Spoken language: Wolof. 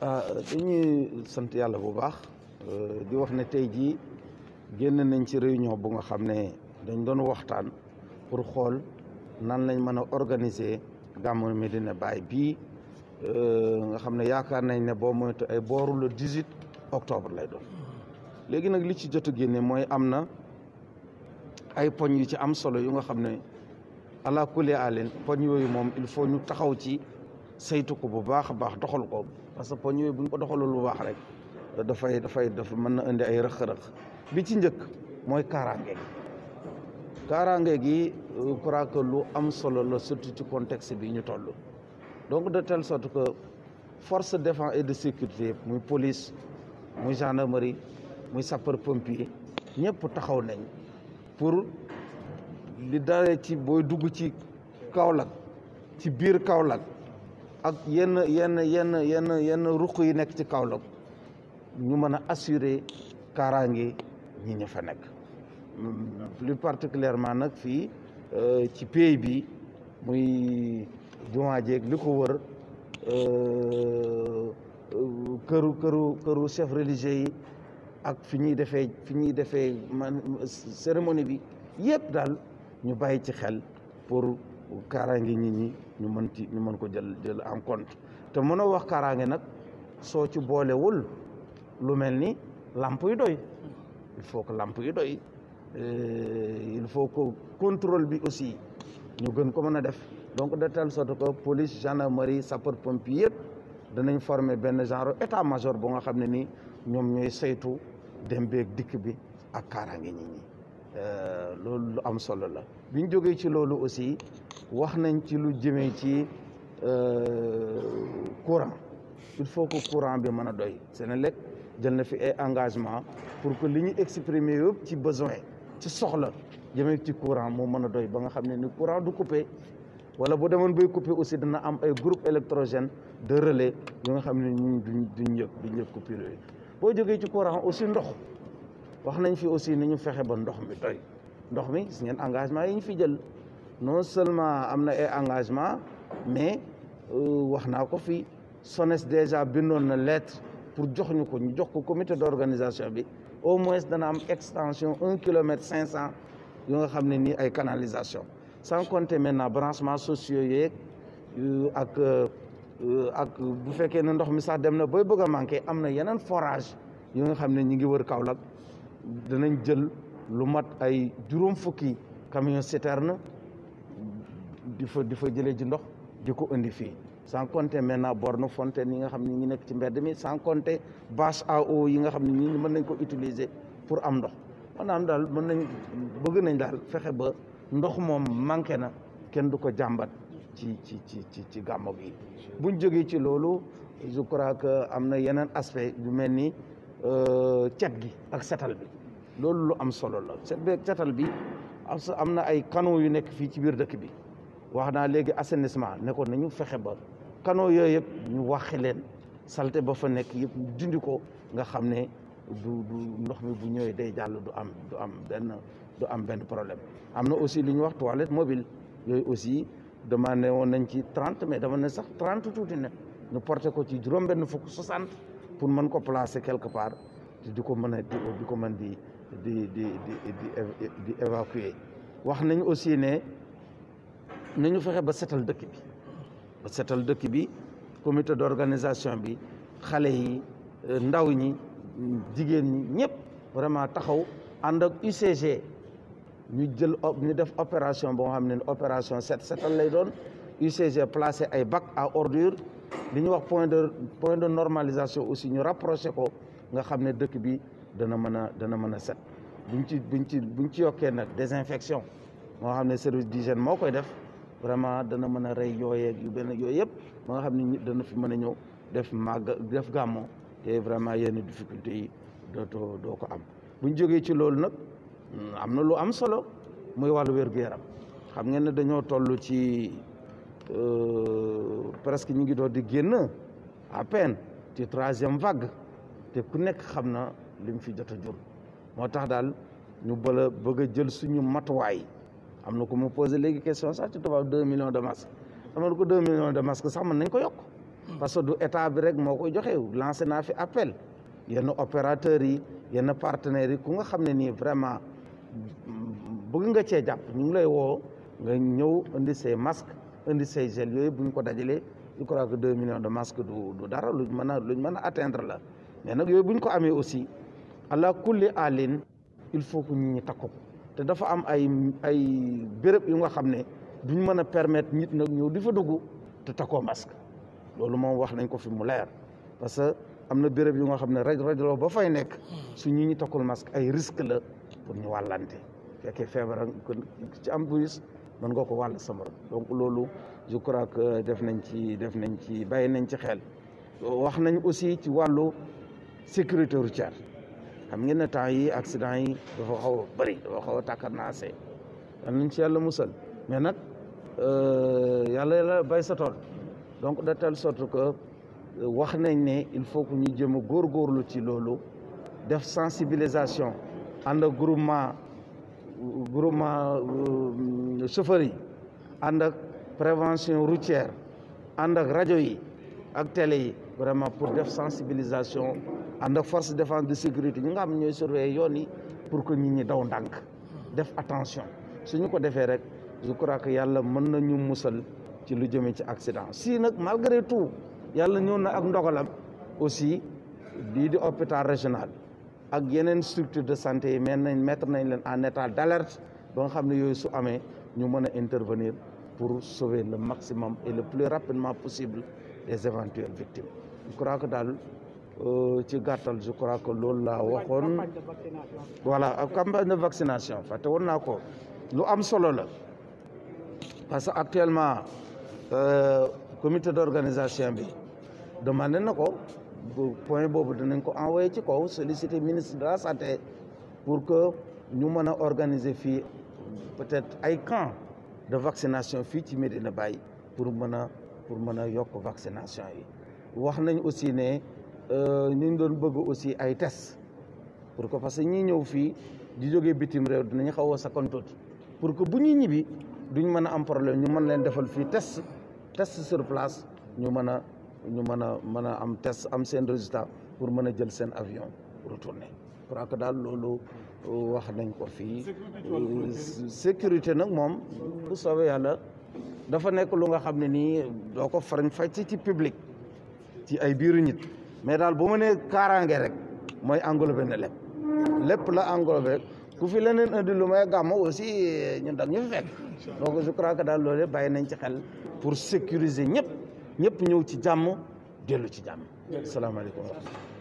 ah dañuy sant yàlla bu baax euh, di wax na tey jii génn nañ ci réunion bu nga xam ne dañ doon waxtaan pour xool nan lañ mën a organiser gàmmu Medina baay bii euh, nga xam ne yaakaar nañ ne boo moytu ay booru le 18 octobre lay doon léegi nag li ci jot génne mooy am na ay poñ yu ci am solo yu nga xam ne ala kulli alin poñ yooyu moom il faut ñu taxaw ci saytu ko bu baax a baax doxal ko. parce que poñ yooyu bu ñu ko doxalul lu baax rek dafay dafay dafa mën na indi ay rëq-rëq bi ci njëkk mooy kaaraange gi kaaraange gi euh, je lu am solo la surtout ci contexte bi ñu toll donc de telle sorte que force de défense et de sécurité muy police muy gendarmerie muy sapeur pompier ñëpp taxaw nañ pour li dalee ci booy dugg ci Kaolack ci biir Kaolack yenn yenn yenn yenn yenn ruq yi nekk ci Kaolack ñu mën a assurer kaaraange ñi ñu fa nekk plus particulièrement nag fii euh, ci pays bi muy jumaa jeeg li ko wër euh, këru këru këru chef religieux yi ak fi ñuy defee fi ñuy defee man cérémonie bi yëpp daal ñu bàyyi ci xel pour kaaraange nit ñi ñu mën ci ñu mën ko jël jël en compte te mënoo wax kaaraange nag soo ci boolewul lu mel ni lamp yu doy il faut que doy yu euh, il faut ko contrôle bi aussi ñu gën ko mën a def donc de telle sorte que police gendarmerie sapeur pompier yëpp danañ former benn genre état major bu nga xam ne ni ñoom ñooy saytu dem beeg dikk bi ak kaaraange nit ñi euh, loolu lu am solo la biñ jógee ci loolu aussi wax nañ ci lu jëmee ci euh, courant il faut que courant bi mën a doy seen lekk jël na fi ay engagement pour que li ñu exprimer yëpp ci besoin ci soxla jëmee ci courant moo mën a doy ba nga xam ne ni courant du coupé wala boo demoon bay coupe aussi dana am ay groupe électrogène de relais yu nga xam ne ñu duñ duñ yëg duñ yëg boo jegee ci courant aussi ndox wax nañ fi aussi ni ñu fexe ba ndox mi doy ndox mi gis ngeen engagement yi ñu fi jël non seulement am na ay engagement mais euh, wax naa ko fii SONES déjà bindoon na lettre pour jox ñu ko ñu jox ko comité d'organisation bi au moins dana am extension un kilomètre cinq cent yoo nga xam ne nii ay canalisation sans compter maintenant branchement sociaux yeeg euh, ak euh, ak bu fekkee ne ndox mi sax dem na booy bëgg a am na yeneen forage yu nga xam ne ñi ngi wër Kaolack danañ jël lu mat ay juróom fukki camion na di fa di fa jëlee ji ndox di ko indi fii sans compter maintenant borne fontaine yi nga xam ni ñu nekk ci mbedd mi sans compter bâche à eau yi nga xam ne ñi mën nañ ko utiliser pour am ndox maanaam daal mën nañ bëgg nañ daal fexe ba ndox moom manqué na kenn du ko jàmbat ci ci ci ci ci gàmmu gi buñ jógee ci loolu je crois que am na yeneen aspect yu mel ni euh, cet gi ak setal bi loolu lu am solo la set bi ak setal bi am na ay canaux yu nekk fii ci biir dëkk bi wax naa léegi assainissement ne ko nañu fexe ba canaux yooyu yëpp ñu waxi leen salte ba fa nekk yëpp dindi ko nga xam ne du ndox mi bu ñëwee day jàll du am du am benn du am benn problème am na aussi lu ñu wax toilette mobile yooyu aussi demandé woon nañ ci trente mais dama ne sax trente tuuti na ñu porté ko ci juróom benn fukk soixante pour mën ko placer quelque part te di ko mën a di ko mën di di di di di évacuer wax nañ aussi ne na ñu fexe ba setal dëkk bi ba setal dëkk bi comité d'organisation bi xale yi euh, ndaw ñi jigéen ñi ñëpp vraiment taxaw ànd ak UCG ñu jël ñu def opération boo xam ne opération set setal lay doon UCG placé ay bac à ordure li ñu wax point de point de normalisation aussi ñu rapproché ko nga xam ne dëkk bi dana mën a dana mën a set buñ ci buñ ci buñ ci yokkee nag désinfection moo xam ne service d'hygiène moo koy def vraiment dana mën a rey yooyeeg yu benn yooyu yëpp ba nga xam ne ñi dana fi mën a ñëw def màgg def gàmmo te vraiment yenn difficulté yi dootoo doo ko am buñ jógee ci loolu nag mm, am na lu am solo muy wàllu wér-gu-yaram xam ngeen ne dañoo toll ci euh, presque ñu ngi doon di génn à peine ci troisième vague te ku nekk xam na li mu fi jot a jur moo tax daal ñu bëla bëgg a jël suñu matuwaay am na ku ma posé léegi question sax ci tubaab deux millions de masques dama ne ko deux millions de masques sax mën nañ ko yokk parce du état bi rek moo koy joxe lancé naa fi appel yenn opérateurs yi yenn partenaires yi ku nga xam ne nii vraiment bëgg nga cee jàpp ñu ngi lay woo nga ñëw indi say masques indi say gel yooyu bu ñu ko dajalee je ko que deux millions de masques du du dara luñ mën a luñ mën a atteindre la mais nag yooyu bu ñu ko amee aussi allah kulli alin il faut que ñu ñu takku ko te dafa am ay ay béréb yu nga xam ne duñ mën a permettre nit nag ñëw di fa dugg te takoo masque loolu moom wax nañ ko fi mu leer parce que am na béréb yu nga xam ne raj rajloo ba fay nekk su ñi ñu takkul masque ay risque la pour ñu wàllante fekkee feebar ci am virus mën nga ko wàll sa morom donc loolu je crois que def nañ ci def nañ ci bàyyi nañ ci xel wax nañ aussi ci wàllu sécurité routière xam ngeen ne temps yi accident yi dafa xaw a dafa xaw a tàkkarnaase yal nañ ci yàlla musal mais nag euh, yàlla yàlla bay sa tool donc de telle sorte que euh, wax nañ ne il faut que ñu jëm a góorgóorlu ci loolu def sensibilisation ànd ak groupement groupement euh, chauffeur ànd ak prévention routière ànd ak rajo yi ak télé yi vraiment pour def sensibilisation ànd ak force défense de sécurité ñi nga xam ñooy surveiller yoon yi pour que nit ñi daw ndànk def attention su ñu ko defee rek je crois que yàlla mën na ñu musal ci lu jëmee ci accident si nag malgré tout yàlla ñëw na ak ndogalam aussi lii di hôpital régional ak yeneen structure de santé yi mën nañ mettre nañ leen en état d'alerte ba nga xam ne yooyu su amee ñu mën a intervenir pour sauver le maximum et le plus rapidement possible les éventuelles victimes je crois que Euh, ci gàttal je crois que loolu laa waxoon voilà campagne de vaccination fàtte woon naa ko lu am solo la parce que actuellement euh, comité d'organisation bi demandé na ko point boobu dinañ ko envoyé ci kaw sollicité ministre da la santé pour que ñu mën a organiser fii peut-être ay camp de vaccination fii ci Médina Baye pour mën a pour mën a yokk vaccination yi wax nañ aussi ne Euh, ñu ngi doon bëgg aussi ay test pour que parce que ñi ñëw fii di jógee bitim réew dinañ xaw a sakkan tuuti pour que bu ñuy ñibbi duñ mën a am problème ñu mën leen defal fii test test sur place ñu mën a ñu mën a mën a am test am seen résultat pour mën a jël seen avion retourner je crois que daal loolu euh, wax nañ ko fii euh, sécurité nag moom bu soobee yàlla dafa nekk lu nga xam ne nii doo ko farañ fàcc ci public ci ay biiru nit mais daal bu ma nee kaaraange rek mooy englobé na lépp lépp la englobé ku fi leneen indi lu may gàmm aussi eh, ñun dag ñu fi fekk donc je daal loolu bàyyi nañ ci xel pour sécuriser ñëpp ñëpp ñëw ci jàmm dellu ci jàmm salaamaaleykum